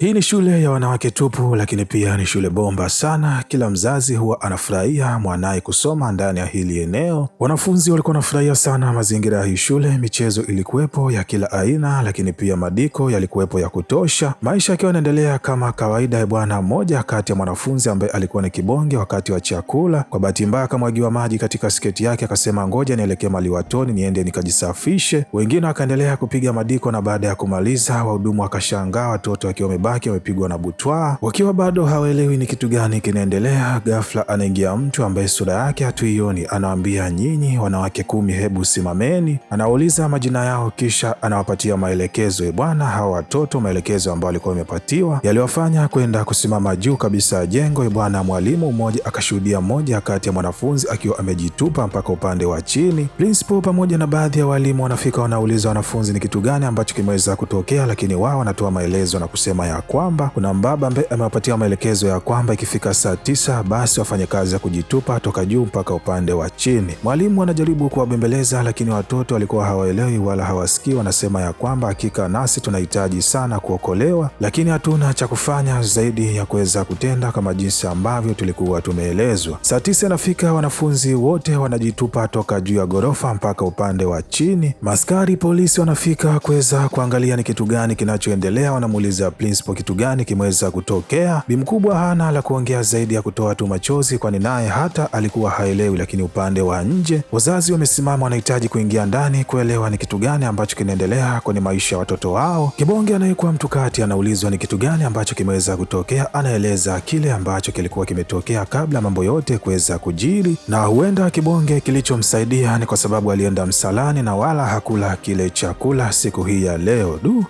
Hii ni shule ya wanawake tupu, lakini pia ni shule bomba sana. Kila mzazi huwa anafurahia mwanaye kusoma ndani ya hili eneo. Wanafunzi walikuwa wanafurahia sana mazingira ya hii shule. Michezo ilikuwepo ya kila aina, lakini pia madiko yalikuwepo ya kutosha, maisha yakiwa yanaendelea kama kawaida. Bwana mmoja kati ya mwanafunzi ambaye alikuwa ni kibonge wakati wa chakula, kwa bahati mbaya akamwagiwa maji katika sketi yake, akasema ngoja nielekee maliwatoni niende nikajisafishe. Wengine wakaendelea kupiga madiko, na baada ya kumaliza wahudumu wakashangaa watoto wakiwa wamebaki wamepigwa na butwa, wakiwa bado hawaelewi ni kitu gani kinaendelea. Ghafla anaingia mtu ambaye sura yake hatuioni, anawaambia nyinyi wanawake kumi, hebu simameni. Anawauliza majina yao, kisha anawapatia maelekezo. E bwana, hawa watoto maelekezo ambayo alikuwa amepatiwa yaliwafanya kwenda kusimama juu kabisa ya jengo. E bwana, mwalimu mmoja akashuhudia mmoja kati ya mwanafunzi akiwa amejitupa mpaka upande wa chini. Principal pamoja na baadhi ya walimu wanafika, wanauliza wanafunzi ni kitu gani ambacho kimeweza kutokea, lakini wao wanatoa maelezo na kusema ya kwamba kuna mbaba ambaye amewapatia maelekezo ya kwamba ikifika saa tisa basi wafanye kazi ya kujitupa toka juu mpaka upande wa chini. Mwalimu anajaribu kuwabembeleza, lakini watoto walikuwa hawaelewi wala hawasikii. Wanasema ya kwamba hakika nasi tunahitaji sana kuokolewa, lakini hatuna cha kufanya zaidi ya kuweza kutenda kama jinsi ambavyo tulikuwa tumeelezwa. Saa tisa inafika, wanafunzi wote wanajitupa toka juu ya ghorofa mpaka upande wa chini. Maskari polisi wanafika kuweza kuangalia ni kitu gani kinachoendelea. Wanamuuliza principal kwa kitu gani kimeweza kutokea. Bi mkubwa hana la kuongea zaidi ya kutoa tu machozi, kwani naye hata alikuwa haelewi. Lakini upande wa nje wazazi wamesimama, wanahitaji kuingia ndani kuelewa ni kitu gani ambacho kinaendelea kwenye maisha ya watoto wao. Kibonge anayekuwa mtu kati anaulizwa ni kitu gani ambacho kimeweza kutokea, anaeleza kile ambacho kilikuwa kimetokea kabla mambo yote kuweza kujiri, na huenda Kibonge kilichomsaidia ni kwa sababu alienda msalani na wala hakula kile chakula siku hii ya leo. Du!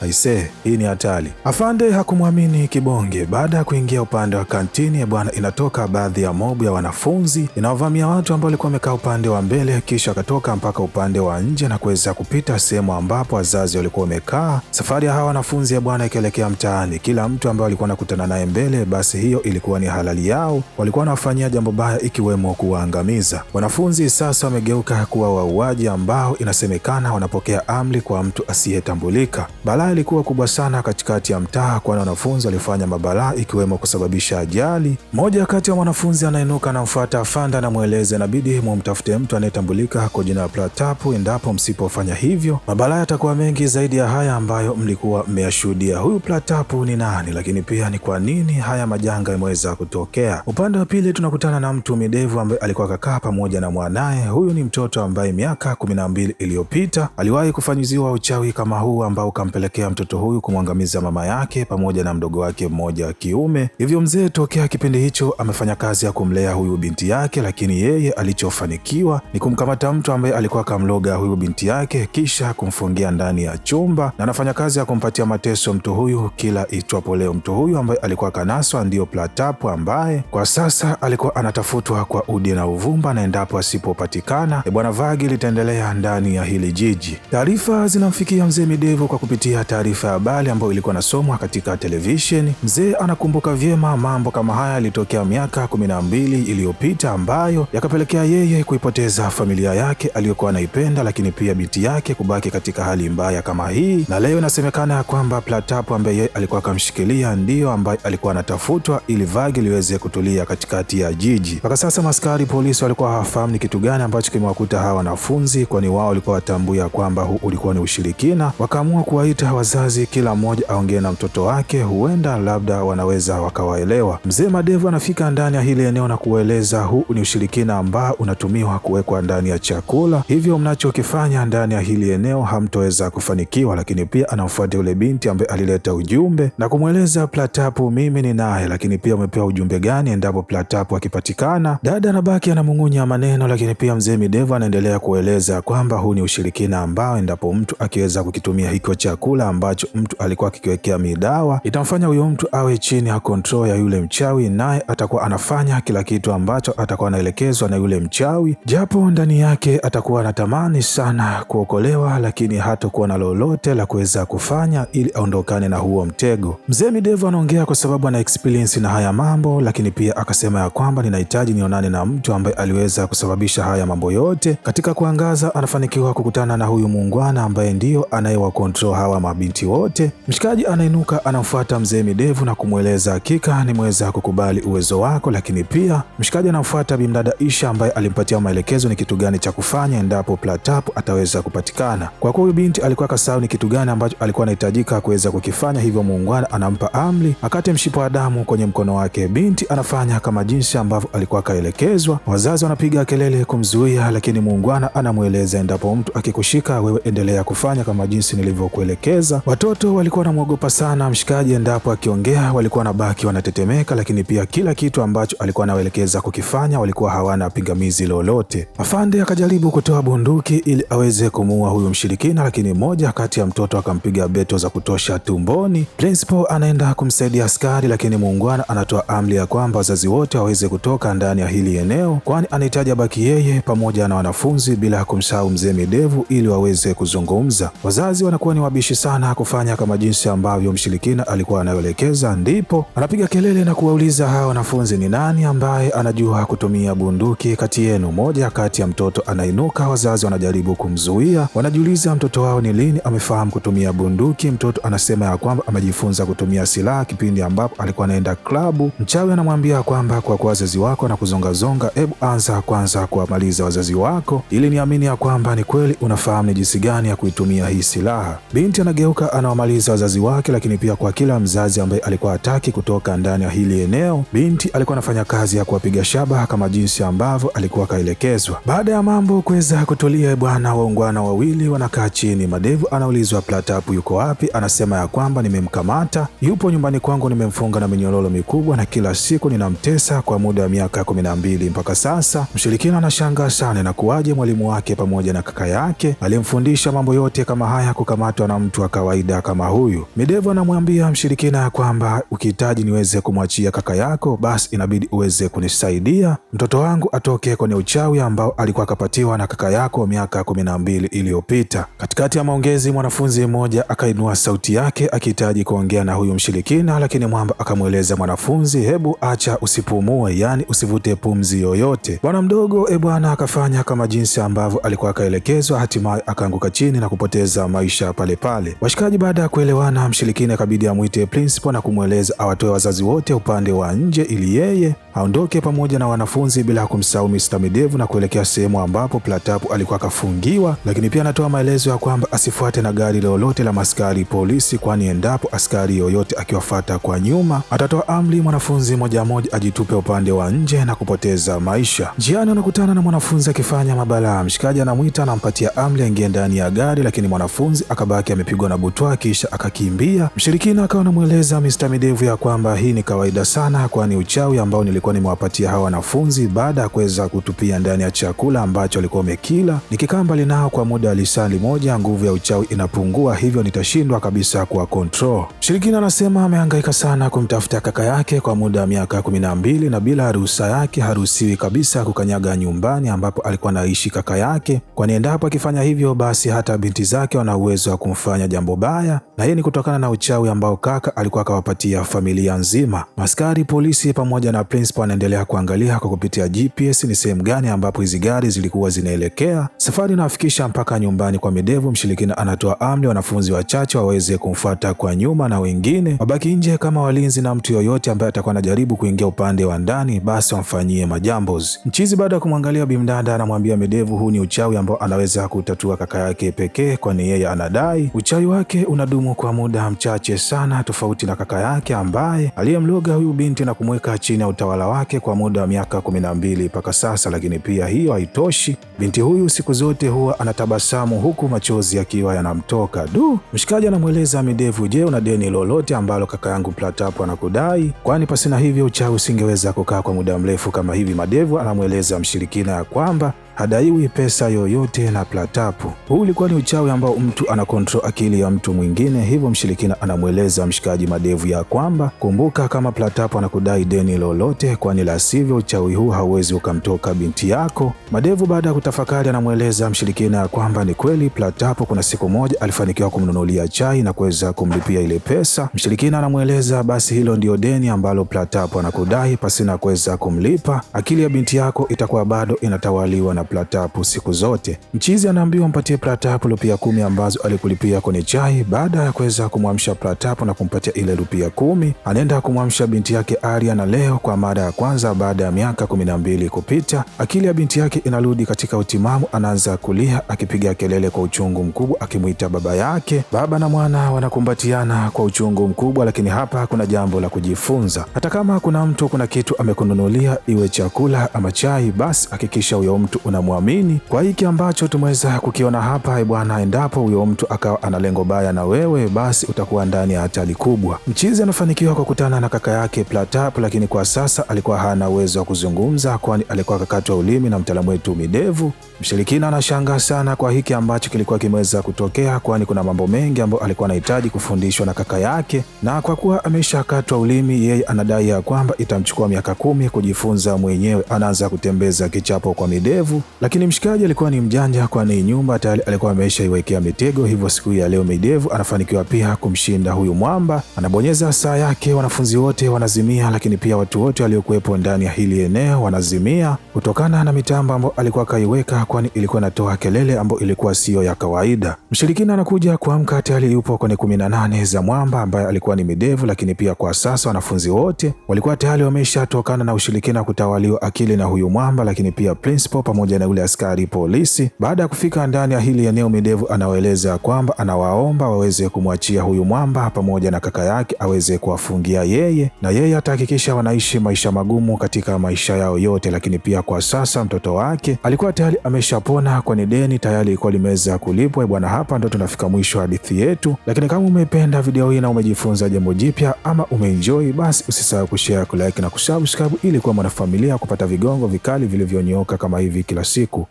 Aise, hii ni hatari. Afande hakumwamini Kibonge. Baada ya kuingia upande wa kantini, bwana, inatoka baadhi ya mobu ya wanafunzi inaovamia watu ambao walikuwa wamekaa upande wa mbele, kisha akatoka mpaka upande wa nje na kuweza kupita sehemu ambapo wazazi walikuwa wamekaa. Safari ya hawa wanafunzi ya bwana ikielekea mtaani, kila mtu ambaye alikuwa anakutana naye mbele, basi hiyo ilikuwa ni halali yao. Walikuwa wanawafanyia jambo baya, ikiwemo kuwaangamiza wanafunzi. Sasa wamegeuka kuwa wauaji ambao inasemekana wanapokea amri kwa mtu asiyetambulika. Bala Balaa ilikuwa kubwa sana katikati ya mtaa, kwani wanafunzi walifanya mabalaa ikiwemo kusababisha ajali. Mmoja kati ya wanafunzi anainuka anamfuata afanda, anamweleza inabidi mumtafute mtu anayetambulika kwa jina la Platapu, endapo msipofanya hivyo mabalaa yatakuwa mengi zaidi ya haya ambayo mlikuwa mmeyashuhudia. Huyu Platapu ni nani? Lakini pia ni kwa nini haya majanga yameweza kutokea? Upande wa pili tunakutana na mtu midevu ambaye alikuwa kakaa pamoja na mwanaye. Huyu ni mtoto ambaye miaka kumi na mbili iliyopita aliwahi kufanyiziwa uchawi kama huu ambao ukampelekea kumtokea mtoto huyu kumwangamiza mama yake pamoja na mdogo wake mmoja wa kiume. Hivyo mzee tokea kipindi hicho amefanya kazi ya kumlea huyu binti yake, lakini yeye alichofanikiwa ni kumkamata mtu ambaye alikuwa akamloga huyu binti yake kisha kumfungia ndani ya chumba, na anafanya kazi ya kumpatia mateso mtu huyu kila itwapo leo. Mtu huyu ambaye alikuwa kanaswa ndiyo Platapu, ambaye kwa sasa alikuwa anatafutwa kwa udi na uvumba, na endapo asipopatikana, e, bwana Vagi litaendelea ndani ya hili jiji. Taarifa zinamfikia mzee Midevu kwa kupitia taarifa ya habari ambayo ilikuwa nasomwa katika televisheni, mzee anakumbuka vyema mambo kama haya yalitokea miaka kumi na mbili iliyopita ambayo yakapelekea yeye kuipoteza familia yake aliyokuwa anaipenda, lakini pia binti yake kubaki katika hali mbaya kama hii. Na leo inasemekana ya kwamba Platapo ambaye yeye alikuwa akamshikilia ndiyo ambaye alikuwa anatafutwa ili vagi liweze kutulia katikati ya jiji. Mpaka sasa maskari polisi walikuwa hawafahamu ni kitu gani ambacho kimewakuta hawa wanafunzi, kwani wao walikuwa watambua kwamba huu ulikuwa ni ushirikina, wakaamua kuwaita wazazi kila mmoja aongee na mtoto wake, huenda labda wanaweza wakawaelewa. Mzee Madevu anafika ndani ya hili eneo na kueleza, huu ni ushirikina ambao unatumiwa kuwekwa ndani ya chakula, hivyo mnachokifanya ndani ya hili eneo hamtoweza kufanikiwa. Lakini pia anamfuata yule binti ambaye alileta ujumbe na kumweleza Platapu, mimi ni naye, lakini pia umepewa ujumbe gani? Endapo Platapu akipatikana, dada anabaki anamung'unya maneno, lakini pia mzee Midevu anaendelea kueleza kwamba huu ni ushirikina ambao endapo mtu akiweza kukitumia hiko chakula ambacho mtu alikuwa akikiwekea midawa, itamfanya huyo mtu awe chini ya kontrol ya yule mchawi, naye atakuwa anafanya kila kitu ambacho atakuwa anaelekezwa na yule mchawi, japo ndani yake atakuwa anatamani sana kuokolewa, lakini hatakuwa na lolote la kuweza kufanya ili aondokane na huo mtego. Mzee Midevu anaongea kwa sababu ana experience na haya mambo, lakini pia akasema ya kwamba ninahitaji nionane na mtu ambaye aliweza kusababisha haya mambo yote. Katika kuangaza, anafanikiwa kukutana na huyu muungwana ambaye ndiyo anayewakontrol hawa mabinti wote. Mshikaji anainuka anamfuata mzee Midevu na kumweleza hakika nimeweza kukubali uwezo wako, lakini pia mshikaji anamfuata bimdada Isha ambaye alimpatia maelekezo ni kitu gani cha kufanya endapo Platap ataweza kupatikana. Kwa kuwa huyu binti alikuwa kasahau ni kitu gani ambacho alikuwa anahitajika kuweza kukifanya, hivyo muungwana anampa amri akate mshipo wa damu kwenye mkono wake. Binti anafanya kama jinsi ambavyo alikuwa akaelekezwa. Wazazi wanapiga kelele kumzuia, lakini muungwana anamweleza endapo mtu akikushika wewe, endelea kufanya kama jinsi nilivyokuelekeza kucheza. Watoto walikuwa wanamwogopa sana mshikaji, endapo akiongea walikuwa wanabaki wanatetemeka, lakini pia kila kitu ambacho alikuwa anawaelekeza kukifanya walikuwa hawana pingamizi lolote. Afande akajaribu kutoa bunduki ili aweze kumuua huyu mshirikina, lakini moja kati ya mtoto akampiga beto za kutosha tumboni. Principal anaenda kumsaidia askari, lakini muungwana anatoa amri ya kwamba wazazi wote waweze kutoka ndani ya hili eneo, kwani anahitaji abaki yeye pamoja na wanafunzi bila kumsahau mzee Midevu ili waweze kuzungumza. Wazazi wanakuwa ni wabishi sana sana kufanya kama jinsi ambavyo mshirikina alikuwa anaelekeza, ndipo anapiga kelele na kuwauliza hawa wanafunzi, ni nani ambaye anajua kutumia bunduki kati yenu? Moja kati ya mtoto anainuka, wazazi wanajaribu kumzuia, wanajiuliza mtoto wao ni lini amefahamu kutumia bunduki. Mtoto anasema ya kwamba amejifunza kutumia silaha kipindi ambapo alikuwa anaenda klabu. Mchawi anamwambia kwamba kwa kuwa wazazi wako na kuzongazonga, hebu anza kwanza kuwamaliza wazazi wako ili niamini ya kwamba ni kweli unafahamu ni jinsi gani ya kuitumia hii silaha. Binti ana Anageuka anawamaliza wazazi wake, lakini pia kwa kila mzazi ambaye alikuwa hataki kutoka ndani ya hili eneo. Binti alikuwa anafanya kazi ya kuwapiga shabaha kama jinsi ambavyo alikuwa akaelekezwa. Baada ya mambo kuweza kutulia, bwana waungwana wawili wanakaa chini. Madevu anaulizwa Platapu yuko wapi, anasema ya kwamba nimemkamata, yupo nyumbani kwangu, nimemfunga na minyororo mikubwa na kila siku ninamtesa kwa muda wa miaka kumi na mbili mpaka sasa. Mshirikina anashangaa sana na kuwaje mwalimu wake pamoja na kaka yake aliyemfundisha mambo yote kama haya kukamatwa na mtu kawaida kama huyu. Midevu anamwambia mshirikina kwamba ukihitaji niweze kumwachia kaka yako, basi inabidi uweze kunisaidia mtoto wangu atoke kwenye uchawi ambao alikuwa akapatiwa na kaka yako miaka kumi na mbili iliyopita. Katikati ya maongezi, mwanafunzi mmoja akainua sauti yake akihitaji kuongea na huyu mshirikina, lakini mwamba akamweleza mwanafunzi, hebu acha usipumue, yaani usivute pumzi yoyote. Bwana mdogo ebwana akafanya kama jinsi ambavyo alikuwa akaelekezwa, hatimaye akaanguka chini na kupoteza maisha pale pale. Washikaji baada ya kuelewana, mshirikina kabidi amwite principal na kumweleza awatoe wazazi wote upande wa nje ili yeye aondoke pamoja na wanafunzi bila kumsahau Mr. Midevu na kuelekea sehemu ambapo Platap alikuwa kafungiwa, lakini pia anatoa maelezo ya kwamba asifuate na gari lolote la maskari polisi, kwani endapo askari yoyote akiwafata kwa nyuma atatoa amri mwanafunzi moja moja ajitupe upande wa nje na kupoteza maisha. Njiani anakutana na mwanafunzi akifanya mabalaa. Mshikaji anamwita anampatia amri aingie ndani ya gari, lakini mwanafunzi akabaki amepigwa na butwa kisha akakimbia. Mshirikina akawa anamweleza Mr. Midevu ya kwamba hii ni kawaida sana, kwani uchawi ambao nilikuwa nilikuwa nimewapatia hawa wanafunzi baada ya kuweza kutupia ndani ya chakula ambacho walikuwa wamekila. Nikikaa mbali nao kwa muda wa lisali moja, nguvu ya uchawi inapungua, hivyo nitashindwa kabisa kuwa control. Shirikina anasema amehangaika sana kumtafuta kaka yake kwa muda wa miaka kumi na mbili na bila ruhusa yake haruhusiwi kabisa kukanyaga nyumbani ambapo alikuwa anaishi kaka yake, kwani endapo akifanya hivyo, basi hata binti zake wana uwezo wa kumfanya jambo baya, na hii ni kutokana na uchawi ambao kaka alikuwa akawapatia familia nzima. Maskari polisi pamoja na principal alikuwa anaendelea kuangalia kwa kupitia GPS ni sehemu gani ambapo hizi gari zilikuwa zinaelekea. Safari inawafikisha mpaka nyumbani kwa midevu. Mshirikina anatoa amri wanafunzi wachache waweze kumfuata kwa nyuma na wengine wabaki nje kama walinzi, na mtu yoyote ambaye atakuwa anajaribu kuingia upande wa ndani basi wamfanyie majambozi Mchizi baada ya kumwangalia Bimdada anamwambia midevu, huu ni uchawi ambao anaweza kutatua kaka yake pekee, kwani yeye anadai uchawi wake unadumu kwa muda mchache sana, tofauti na kaka yake ambaye aliyemloga huyu binti na kumweka chini ya utawala utawala wake kwa muda wa miaka 12 mpaka sasa, lakini pia hiyo haitoshi. Binti huyu siku zote huwa anatabasamu huku machozi yakiwa yanamtoka. Du, mshikaji anamweleza midevu je, una deni lolote ambalo kaka yangu Platapo anakudai? Kwani pasina hivyo uchawi usingeweza kukaa kwa muda mrefu kama hivi. Madevu anamweleza mshirikina ya kwamba hadaiwi pesa yoyote na Platapu. Huu ulikuwa ni uchawi ambao mtu anakontrol akili ya mtu mwingine, hivyo mshirikina anamweleza mshikaji madevu ya kwamba kumbuka, kama Platapu anakudai deni lolote, kwani la sivyo uchawi huu hauwezi ukamtoka binti yako. Madevu baada ya kutafakari, anamweleza mshirikina ya kwamba ni kweli Platapu kuna siku moja alifanikiwa kumnunulia chai na kuweza kumlipia ile pesa. Mshirikina anamweleza basi hilo ndio deni ambalo Platapu anakudai pasina kuweza kumlipa, akili ya binti yako itakuwa bado inatawaliwa na Pratapu siku zote. Mchizi anaambiwa ampatie Pratapu rupia kumi ambazo alikulipia kwenye chai. Baada ya kuweza kumwamsha Pratapu na kumpatia ile rupia kumi, anaenda kumwamsha binti yake Arya, na leo kwa mara ya kwanza baada ya miaka kumi na mbili kupita, akili ya binti yake inarudi katika utimamu. Anaanza kulia akipiga kelele kwa uchungu mkubwa, akimwita baba yake. Baba na mwana wanakumbatiana kwa uchungu mkubwa, lakini hapa kuna jambo la kujifunza. Hata kama kuna mtu kuna kitu amekununulia, iwe chakula ama chai, basi hakikisha huyo mtu una tunamwamini kwa hiki ambacho tumeweza kukiona hapa. Eh, Bwana, endapo huyo mtu akawa ana lengo baya na wewe, basi utakuwa ndani ya hatari kubwa. Mchizi anafanikiwa kukutana na kaka yake Platap, lakini kwa sasa alikuwa hana uwezo wa kuzungumza, kwani alikuwa kakatwa ulimi na mtaalamu wetu Midevu. Mshirikina anashangaa sana kwa hiki ambacho kilikuwa kimeweza kutokea, kwani kuna mambo mengi ambayo alikuwa anahitaji kufundishwa na kaka yake, na kwa kuwa ameshakatwa ulimi, yeye anadai ya kwamba itamchukua miaka kumi kujifunza mwenyewe. Anaanza kutembeza kichapo kwa Midevu lakini mshikaji alikuwa ni mjanja, kwani nyumba tayari alikuwa iwekea mitego. Hivyo siku ya leo Midevu anafanikiwa pia kumshinda huyu mwamba. Anabonyeza saa yake, wanafunzi wote wanazimia, lakini pia watu wote waliokuwepo ndani ya hili eneo wanazimia kutokana na mitambo ambayo alikuwa akaiweka, kwani ilikuwa inatoa kelele ambayo ilikuwa siyo ya kawaida. Mshirikina anakuja kuamka, tayari yupo kwenye kumi na nane za mwamba ambaye alikuwa ni Midevu, lakini pia kwa sasa wanafunzi wote walikuwa tayari wameshatokana na ushirikina kutawaliwa akili na huyu mwamba, lakini pia principal pamoja pamoja na yule askari polisi. Baada ya kufika ndani ya hili eneo, Midevu anawaeleza kwamba anawaomba waweze kumwachia huyu mwamba pamoja na kaka yake aweze kuwafungia yeye, na yeye atahakikisha wanaishi maisha magumu katika maisha yao yote. Lakini pia kwa sasa mtoto wake alikuwa tayari ameshapona, kwani deni tayari ilikuwa limeweza kulipwa. Bwana, hapa ndo tunafika mwisho hadithi yetu, lakini kama umependa video hii na umejifunza jambo jipya ama umeenjoy, basi usisahau kushare, kulike na kusubscribe ili kuwa mwanafamilia kupata vigongo vikali vilivyonyooka kama hivi kila Vilaseco